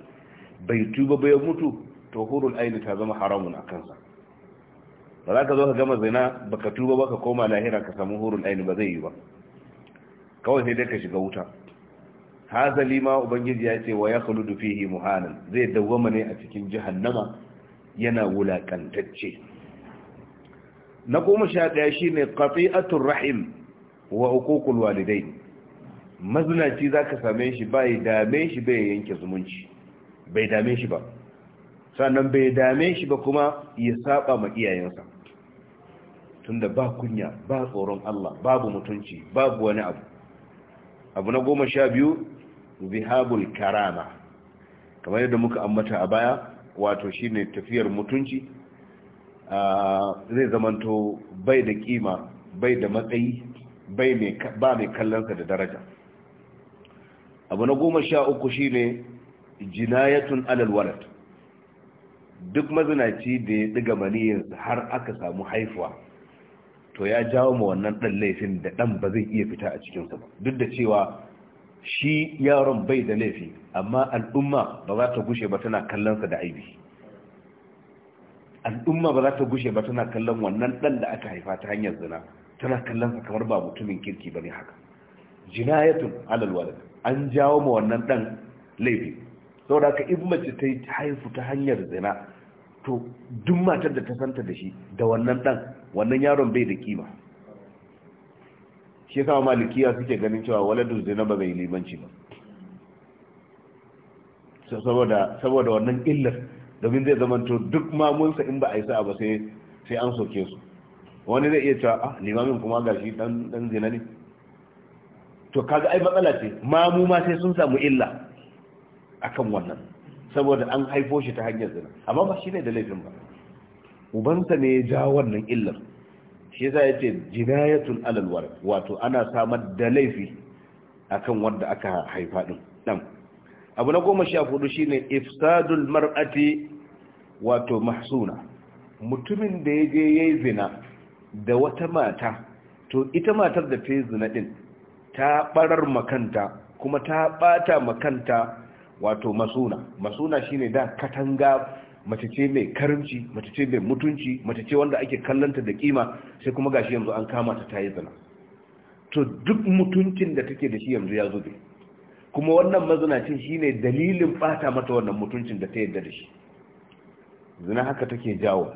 bai tuba bai mutu to hurul aini ta zama haramun a kansa ba za ka zo ka gama zina baka tuba baka koma lahira ka samu hurul aini ba zai yi ba kawai sai dai ka shiga wuta hazali ma ubangiji ya ce wa ya khuludu fihi muhanan zai dawwama ne a cikin jahannama yana wulakantacce na goma sha ɗaya shine qati'atur rahim wa uququl walidain mazinaci zaka same shi bai dame shi bai yanke zumunci bai dame shi ba sannan bai dame shi ba kuma ya saba ma iyayensa tunda ba kunya ba tsoron Allah babu mutunci babu wani abu abu na goma sha biyu zihabul karama kamar yadda muka ambata a baya wato shine tafiyar mutunci zai zamanto bai da kima bai da matsayi ba mai kallonsa da daraja abu na goma sha uku shine jinayatun alal duk mazinaci da ya ɗiga maniyyar har aka samu haifuwa to ya jawo ma wannan ɗan laifin da ɗan ba zai iya fita a cikinsa ba duk da cewa shi yaron bai da laifi amma al'umma ba za ta gushe ba tana kallonsa da aibi al'umma ba za ta gushe ba tana kallon wannan ɗan da aka haifa ta hanyar zina tana kallonsa kamar ba mutumin kirki ba ne haka jinayatun alal walad an jawo ma wannan ɗan laifi saboda haka in mace ta haifu ta hanyar zina to duk matar da ta santa da shi da wannan ɗan wannan yaron bai da kima shi yasa malikiya suke ganin cewa waladu zina ba bai limanci ba saboda wannan illar domin zai zamanto duk mamunsa in ba a yi sa ba sai an soke su wani zai iya cewa ah limamin kuma ga shi dan zina ne to kaga ai matsala ce mamu ma sai sun samu illa akan wannan saboda an haifo shi ta hanyar zina amma ba shi ne da laifin ba ubansa ne ya ja wannan illar shi yasa yace jinayatul alal alalwar. wato ana samar da laifi akan wanda aka haifa din dan abu na goma sha hudu shine ifsadul mar'ati wato mahsuna mutumin da ya je yayi zina da wata mata to ita matar da ta yi zina din ta barar makanta kuma ta bata makanta wato masuna masuna shine da katanga mace ce mai karimci mace ce mai mutunci mace ce wanda ake kallanta da kima sai kuma gashi yanzu an kama ta ta yi zina to duk mutuncin da take da shi yanzu ya zube kuma wannan mazinacin shine dalilin bata mata wannan mutuncin da ta yadda da shi zina haka take jawo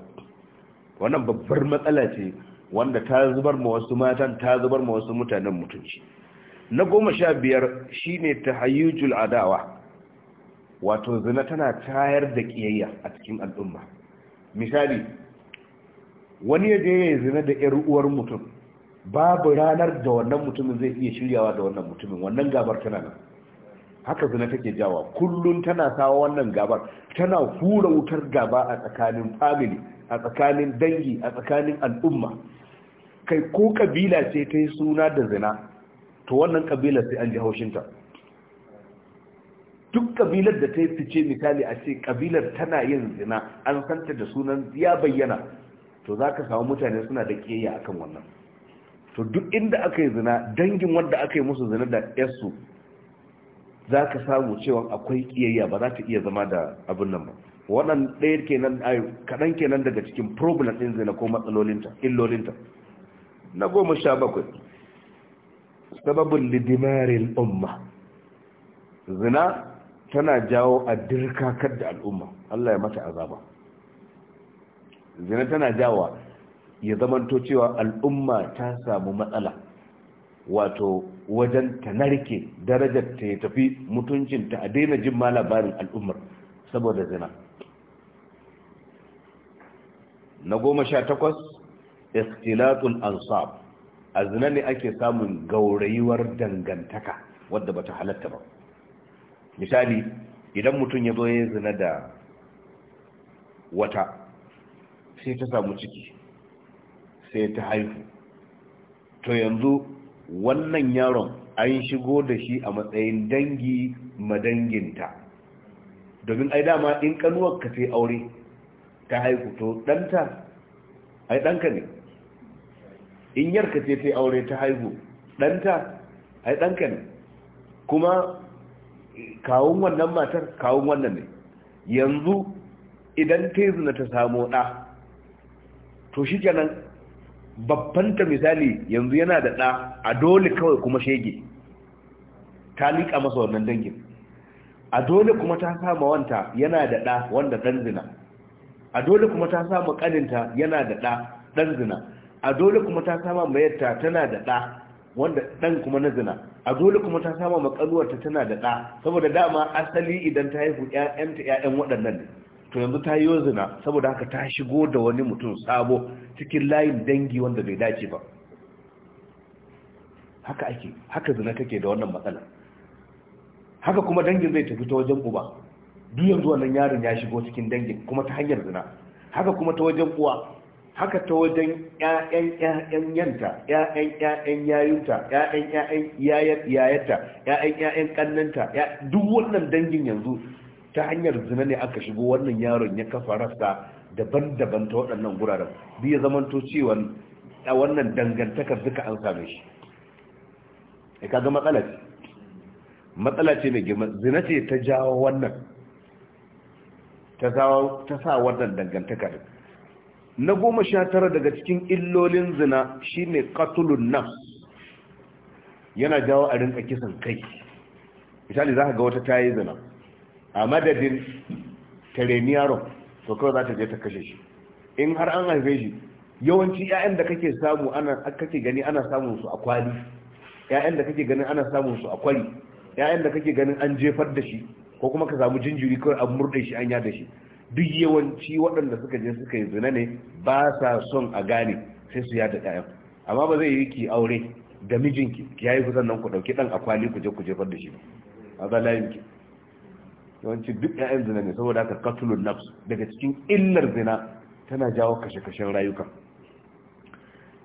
wannan babbar matsala ce wanda ta zubar ma wasu matan ta zubar ma wasu mutanen mutunci na goma sha biyar shine hayyujul adawa wato zina tana tayar da ƙiyayya a cikin al'umma misali wani ya zina da yar uwar mutum babu ranar da wannan mutumin zai iya shiryawa da wannan mutumin wannan gabar tana nan haka zina take jawa kullum tana sawa wannan gabar tana hura wutar gaba a tsakanin family a tsakanin dangi a tsakanin al'umma kai ko kabila ce ta yi suna da zina to wannan kabila sai an ji haushinta duk kabilar da ta yi fice misali a ce kabilar tana yin zina an santa da sunan ya bayyana to za ka samu mutane suna da keya akan wannan to duk inda aka yi zina dangin wanda aka yi musu zina da yarsu za ka samu cewa akwai kiyayya ba za ta iya zama da abin nan ba wannan ɗaya kenan kaɗan kenan daga cikin problem ɗin zina ko matsalolinta illolinta na goma sha bakwai sababin lidimarin umma zina tana jawo a dirkakar da al'umma Allah ya mata azaba zina tana jawo ya zamanto cewa al'umma ta samu matsala wato wajen ta narke darajar ta ya tafi mutuncinta a daina jin ma labarin al'ummar saboda zina na goma sha takwas ikhtilatul ansab a zina ne ake samun gaurayuwar dangantaka wadda bata halatta ba misali idan mutum ya zo ya zina da wata sai ta samu ciki sai ta haihu to yanzu wannan yaron an shigo da shi a matsayin dangi madanginta domin ai dama in kanuwar ka sai aure ta haihu to danta ai ɗanka ne in yarka ce sai aure ta haihu danta ai ɗanka ne kuma kawun wannan matar kawun wannan ne yanzu idan ta yi zina ta samu ɗa to shi kenan babbanta misali yanzu yana da ɗa a dole kawai kuma shege ta liƙa masa wannan dangin a dole kuma ta sama wanta yana da ɗa wanda ɗan zina a dole kuma ta sama ƙaninta yana da ɗa ɗan zina a dole kuma ta sama mayarta tana da ɗa wanda ɗan kuma na zina a dole kuma ta sama makaluwarta tana da ɗa saboda dama asali idan ta haihu ƴaƴanta ƴaƴan waɗannan ne to yanzu ta yi zina saboda haka ta shigo da wani mutum sabo cikin layin dangi wanda bai dace ba haka ake haka zina take da wannan matsala haka kuma dangin zai tafi ta wajen uba duk yanzu wannan yaron ya shigo cikin dangin kuma ta hanyar zina haka kuma ta wajen uwa haka ta wajen ƴaƴan ƴaƴan yanta ƴaƴan ƴaƴan yayunta ƴaƴan ƴaƴan yayarta ƴaƴan ƴaƴan kannanta duk wannan dangin yanzu ta hanyar zina ne aka shigo wannan yaron ya kafa rasta daban-daban ta waɗannan guraren bi ya zamanto cewa a wannan dangantakar duka an same shi e, ka kaga matsala ce matsala ce mai girma zina ce ta jawo wannan ta sa wannan dangantaka na goma sha tara daga cikin illolin zina shine katulun nafs yana jawo a rinka kisan kai misali za ka ga wata tayi zina a madadin tareni yaron to kawai za ta je ta kashe shi in har an haife shi yawanci 'ya'yan da kake samu ana kake gani ana samun su a kwali 'ya'yan da kake ganin ana samun su a kwali? 'ya'yan da kake ganin an jefar da shi ko kuma ka samu jinjiri kawai an murɗe shi an yada shi duk yawanci waɗanda suka je suka yi zina ne ba sa son a gane sai su yada ɗayan amma ba zai yi ki aure da mijinki ki yayi kusan nan ku ɗauki ɗan akwali ku je ku jefar da shi ba. a ba layin ki yawanci duk ɗayan zina ne saboda haka katulun nafs daga cikin illar zina tana jawo kashe-kashen rayuka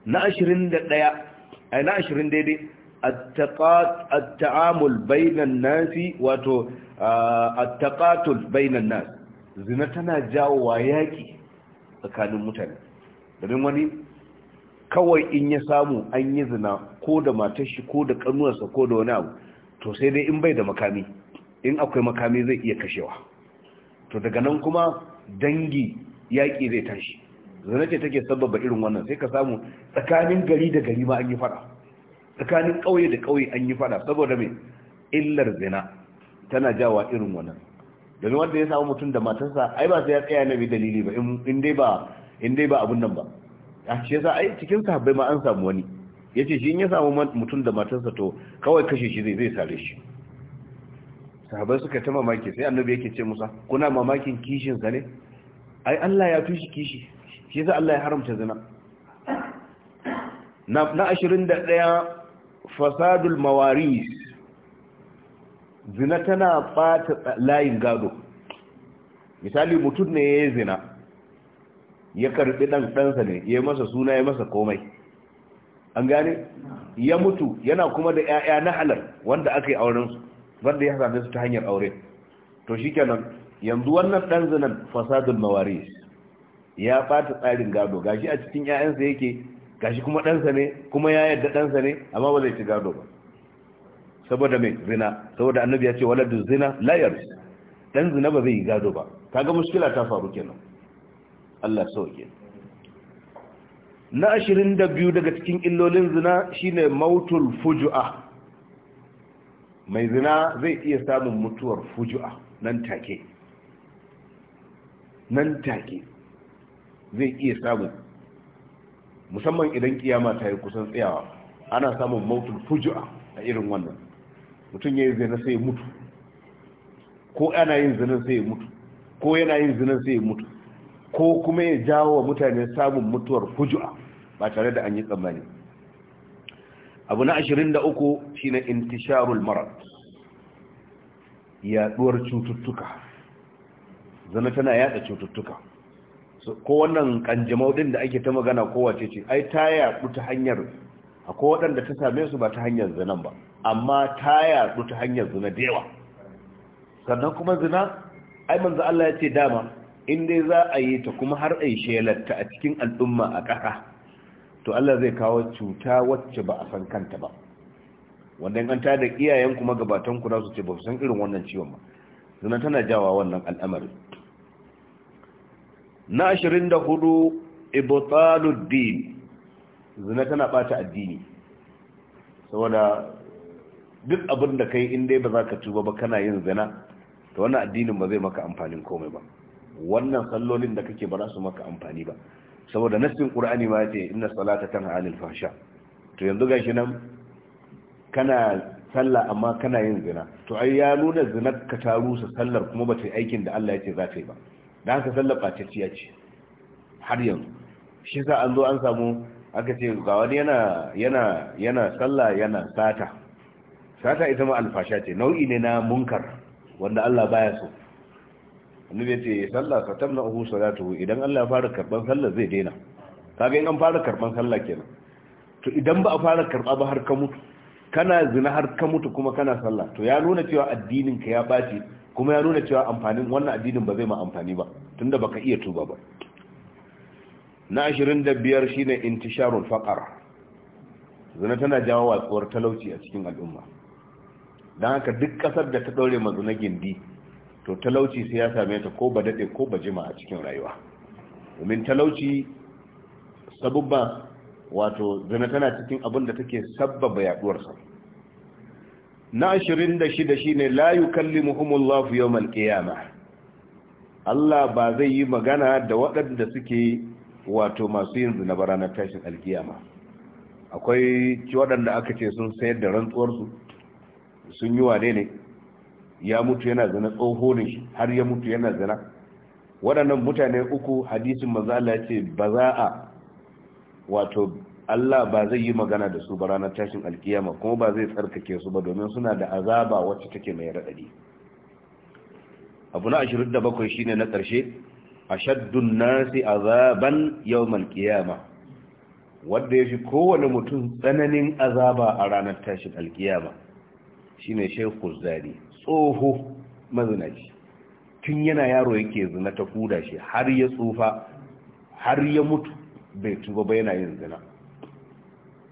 na ashirin da ɗaya a na ashirin daidai التعامل بين الناس wato التقاتل بين الناس zina tana jawowa yaƙi tsakanin mutane domin wani kawai in ya samu an yi zina ko da matashi ko da ƙanuwarsa ko da wani abu to sai dai in bai da makami in akwai makami zai iya kashewa to daga nan kuma dangi yaƙi zai tashi Zina ce take sababa irin wannan sai ka samu tsakanin gari da gari ma an yi fada tsakanin ƙauye da ƙauye an yi fada saboda mai illar zina tana jawa irin wannan domin wanda ya samu mutum da matarsa ai ba sai ya tsaya na bi dalili ba in dai ba in dai ba abun nan ba a ah, shi yasa ai cikin sahabbai ma an samu wani yace shi in ya samu mutum da matarsa to kawai kashe shi zai zai sare shi sahabbai suka ta mamaki sai annabi yake ce musa kuna mamakin kishin sa ne ai Allah ya tushi kishi shi yasa Allah ya haramta zina na 21 fasadul mawaris zina tana fata layin gado misali mutum ne ya yi zina ya karɓi ɗan ɗansa ne ya masa suna ya masa komai an gane ya mutu yana kuma da 'ya'ya na halar wanda aka yi aurensu wanda ya same su ta hanyar aure to shi kenan yanzu wannan ɗan zinan fasadun mawari ya ɓata tsarin gado gashi a cikin 'ya'yansa yake gashi kuma ɗansa ne kuma ya yadda ɗansa ne amma ba zai ci gado ba saboda mai zina saboda annabi ya ce waladu zina la yaris dan zina ba zai gado ba kaga mushkila ta faru kenan Allah sauke na 22 daga cikin illolin zina shine mautul fujua mai zina zai iya samun mutuwar fujua nan take nan take zai iya samun musamman idan kiyama ta yi kusan tsayawa ana samun mautul fujua a irin wannan mutum ya yi zina sai ya mutu ko ana yin zina sai ya mutu ko yana yin zina sai ya mutu ko kuma ya jawo wa mutane samun mutuwar huju'a ba tare da an yi tsammani abu na 23 shine intisharul marad yaduwar cututtuka zana tana yada cututtuka ko wannan kanjamau din da ake ta magana kowace ce ai ta yadu ta hanyar akwai waɗanda ta same su ba ta hanyar zanen ba amma ta yadu ta hanyar zina da yawa sannan kuma zina ai manzo Allah ya ce dama in dai za a yi ta kuma har ai shelarta a cikin al'umma a ƙasa to Allah zai kawo cuta wacce ba a san kanta ba in an da iyayen kuma gabatan ku su ce ba san irin wannan ciwon ba zina tana jawa wannan al'amari na 24 ibtaluddin zina tana bata addini saboda duk abin da kai in dai ba za ka tuba ba kana yin zina to wannan addinin ba zai maka amfanin komai ba wannan sallolin da kake ba za su maka amfani ba saboda nassin qur'ani ma yace inna salata tanha anil fahsha to yanzu gashi nan kana sallah amma kana yin zina to ai ya nuna zinar ka ta rusa sallar kuma ba ta yi aikin da Allah yace za ta yi ba dan haka sallar ciya ce har yanzu shi sa an zo an samu aka ce ga wani yana yana yana sallah yana sata sata ita ma alfasha ce nau'i ne na munkar wanda Allah baya so annabi ya ce sallah fa uhu salatu idan Allah ya fara karban sallah zai daina kaga in an fara karban sallah kenan to idan ba a fara karba ba har ka mutu kana zina har ka mutu kuma kana sallah to ya nuna cewa addinin ka ya baci kuma ya nuna cewa amfanin wannan addinin ba zai ma amfani ba tunda baka iya tuba ba na 25 shine intisharul faqar zina tana jawo watsuwar talauci a cikin al'umma don haka duk kasar da ta ɗaure mazu na gindi to talauci sai ya same ta ko ba daɗe ko ba jima a cikin rayuwa domin talauci sabubba wato zina tana cikin abin da take sabbaba yaɗuwarsa na ashirin da shida shi ne layu kalli muhimmullahu yau ƙiyama Allah ba zai yi magana da waɗanda suke wato masu yin zina ba ranar tashin alkiyama akwai waɗanda aka ce sun sayar da rantsuwarsu sun yi wane ne ya mutu yana zana tsoho ne har ya mutu yana zana waɗannan mutane uku hadisin manzo Allah ce ba za a wato Allah ba zai yi magana da su ba ranar tashin alkiyama kuma ba zai tsarkake su ba domin suna da azaba wacce take mai raɗaɗi abu na 27 shine na ƙarshe a ashaddun nasi azaban malkiyama ƙiyama, wanda fi kowane mutum tsananin azaba a ranar tashin alkiyama shine shekul zari tsoho mazinaci tun yana yaro yake zina ta kuda shi har ya tsufa har ya mutu bai tuba ba yana yin zina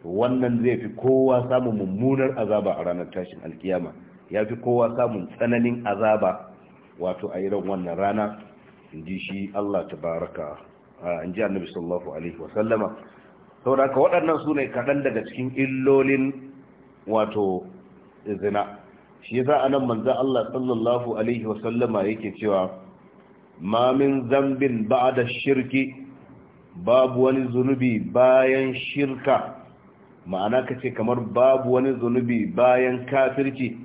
wannan zai fi kowa samun mummunar azaba a ranar tashin alkiyama ya fi kowa samun tsananin azaba wato a irin wannan rana in ji shi Allah ta baraka. in ji annabi sallallahu alaihi wasallama saboda waɗannan su ne kaɗan daga cikin illolin wato zina shi yasa nan manzo Allah sallallahu alaihi wa sallama yake cewa ma min zambin da shirki babu wani zunubi bayan shirka ma'ana kace kamar babu wani zunubi bayan kafirci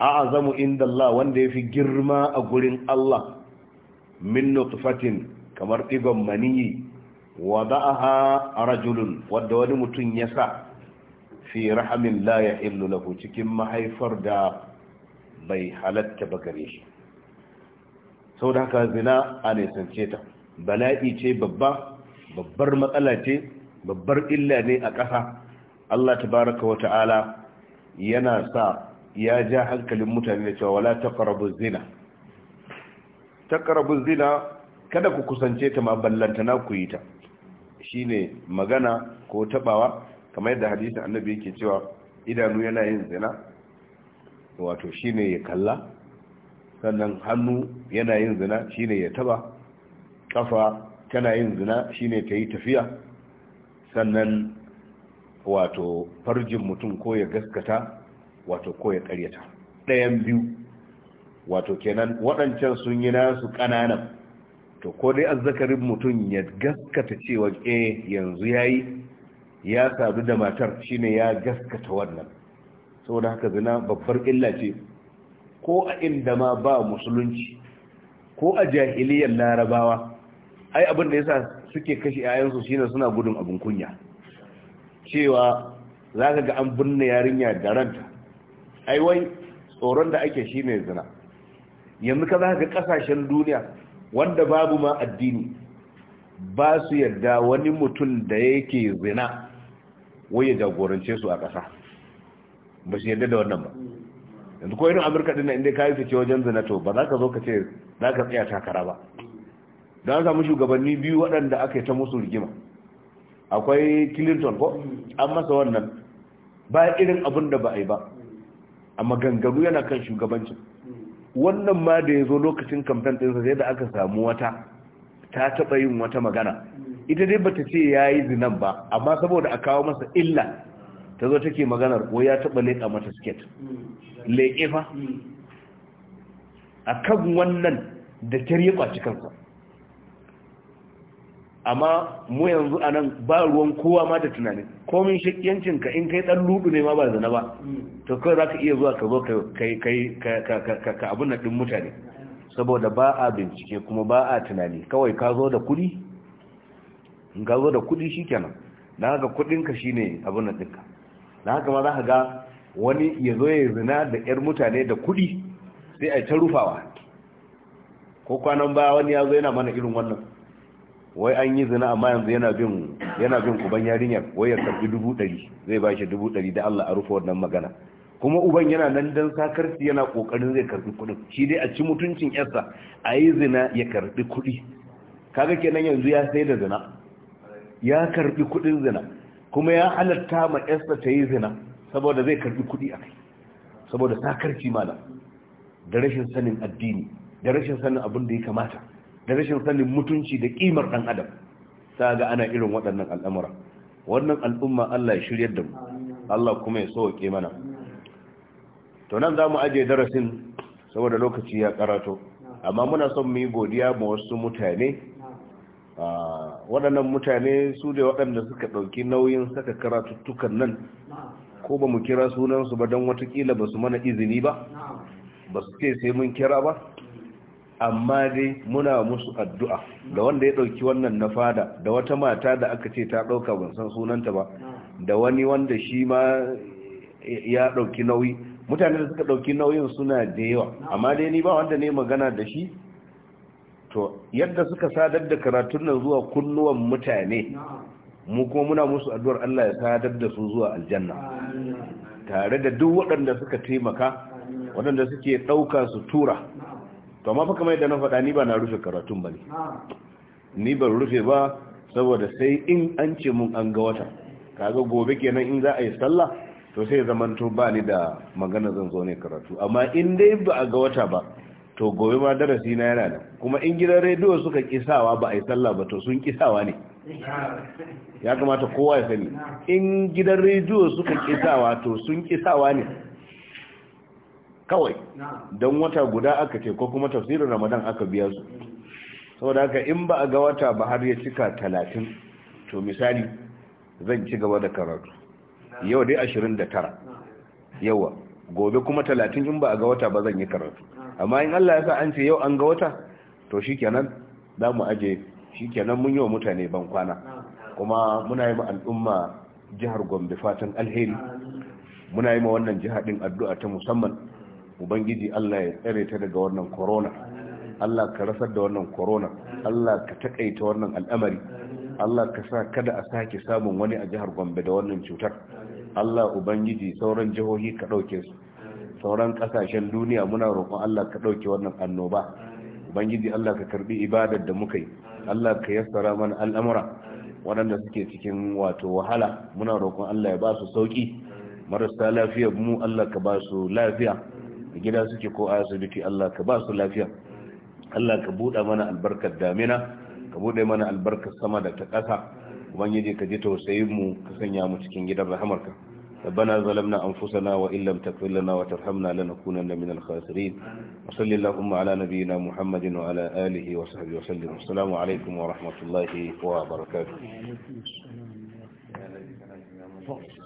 a'azamu inda Allah wanda ya fi girma a gurin Allah min nutfatin kamar digon maniyi wada'aha rajulun wadda wani mutum ya sa fi rahamin la ya illu lahu cikin mahaifar da bai halatta ba gare shi sau da haka zina a nisance ta bala'i ce babba babbar matsala ce babbar illa ne a ƙasa Allah tabaraka wa ta'ala yana sa ya ja hankalin mutane da cewa wala taqrabu zina taqrabu zina kada ku kusance ta ma na ku yi ta shine magana ko taɓawa. kamar yadda hadisi annabi yake cewa idanu yana yin zina wato shine ya kalla sannan hannu yana yin zina shine ya taba kafa tana yin zina shine ta yi tafiya sannan wato farjin mutum ko ya gaskata wato ko ya karyata ɗayan biyu wato kenan waɗancan sun yi nasu ƙananan to ko dai azzakarin mutum ya gaskata cewa eh yanzu ya yi. ya sadu da matar shine ya gaskata wannan saboda haka zina babbar illa ce ko a inda ma ba musulunci ko a jahiliyar larabawa ai abin da yasa suke kashe yayansu shine suna gudun abin kunya cewa zaka ga an binne yarinya da ranta ai wai tsoron da ake shine zina yanzu ka za ga kasashen duniya wanda babu ma addini ba su yarda wani mutum da yake zina wai ya jagorance su a ƙasa ba shi yadda da wannan ba yanzu ko irin amurka ɗin inda ka yi fice wajen to ba za ka zo ka ce za ka tsaya takara ba don an samu shugabanni biyu waɗanda aka yi ta musu rigima akwai clinton ko an masa wannan ba irin abin da ba a yi ba amma gangaru yana kan shugabanci. wannan ma da ya zo lokacin kamfen ɗinsa sai da aka samu wata ta taɓa yin wata magana ita dai bata ce ya yi zinan ba amma saboda a kawo masa illa ta zo take maganar ko ya taɓa leƙa mata sket leƙe fa a kan wannan da kyar ya ƙwaci kansa amma mu yanzu a nan ba ruwan kowa ma da tunanin komin shakiyancinka in kai ɗan ludu ne ma ba zana ba to kai za ka iya zuwa ka zo ka abin na ɗin mutane saboda ba a bincike kuma ba a tunani kawai ka zo da kuɗi in ka da kuɗi shi kenan don haka kuɗinka shi ne abin da duka don haka ma za ka ga wani ya zo ya zina da 'yar mutane da kuɗi sai a ta rufawa ko kwanan baya wani ya zo yana mana irin wannan wai an yi zina amma yanzu yana bin kuban yarinyar wai ya karfi dubu ɗari zai ba shi dubu ɗari da Allah a rufe wannan magana kuma uban yana nan don sakarci yana kokarin zai karfi kuɗin shi dai a ci mutuncin yarsa a yi zina ya karbi kuɗi kaga kenan yanzu ya sai da zina ya karbi kudin zina kuma ya halatta ma yarsa ta yi zina saboda zai karbi kudi a kai saboda sakarci mana da rashin sanin addini da rashin sanin abin da ya kamata da rashin sanin mutunci da kimar ɗan adam ta ga ana irin waɗannan al'amura wannan al'umma Allah ya shiryar da mu Allah kuma ya sauke mana to nan za mu ajiye darasin saboda lokaci ya karato amma muna son mu yi godiya ma wasu mutane waɗannan mutane su da waɗanda suka ɗauki nauyin saka karatuttukan nan ko ba mu kira sunansu ba don watakila ba su mana izini ba ba su ce sai mun kira ba amma dai muna musu addu'a da wanda ya ɗauki wannan na fada da wata mata da aka ce ta ɗauka ban san sunanta ba da wani wanda shi ma ya ɗauki nauyi mutane da suka ɗauki nauyin suna da yawa amma dai ni ba wanda ne magana da shi to yadda suka sadar da karatun nan zuwa kunnuwan mutane mu kuma muna musu addu'ar Allah ya sadar da su zuwa aljanna tare da duk waɗanda suka taimaka waɗanda suke ɗauka su tura to amma fa kamar yadda na faɗa ni ba na rufe karatun ba ni ban rufe ba saboda sai in an ce mun an ga wata kaga gobe kenan in za a yi sallah to sai zamanto ba ni da magana zan zo ne karatu amma in dai ba a ga wata ba to gobe ma darasi na yana nan kuma in gidan rediyo suka kisawa ba a yi sallah ba to sun kisawa ne ya kamata kowa ya sani in gidan rediyo suka kisawa to sun kisawa ne kawai don wata guda aka ce ko kuma tafsirin ramadan aka biya su saboda haka in ba a ga wata ba har ya cika talatin to misali zan ci gaba da karatu yau dai ashirin da tara yawa gobe kuma talatin in ba a ga wata ba zan yi karatu amma in Allah ya sa an ce yau an ga wata to shikenan za mu aje shikenan mun yi wa mutane ban kwana kuma muna yi ma al'umma jihar Gombe fatan alheri muna yi ma wannan jihadin addu'a ta musamman ubangiji Allah ya tsare ta daga wannan corona Allah ka rasar da wannan corona Allah ka takaita wannan al'amari Allah ka sa kada a sake samun wani a jihar Gombe da wannan cutar Allah ubangiji sauran jihohi ka ɗauke su sauran ƙasashen duniya muna roƙon Allah ka ɗauke wannan annoba ubangiji Allah ka karɓi ibadar da muka yi Allah ka yassara mana al'amura waɗanda suke cikin wato wahala muna roƙon Allah ya ba su sauƙi, marasa lafiyar mu Allah ka ba su lafiya a gida suke ko a asibiti Allah ka ba su lafiya Allah ka buɗe mana albarkar damina ka buɗe mana albarkar sama da ta ƙasa ubangiji ka ji tausayin mu ka sanya mu cikin gidan rahamarka ربنا ظلمنا أنفسنا وإن لم تغفر لنا وترحمنا لنكونن من الخاسرين وصل اللهم على نبينا محمد وعلى آله وصحبه وسلم والسلام عليكم ورحمة الله وبركاته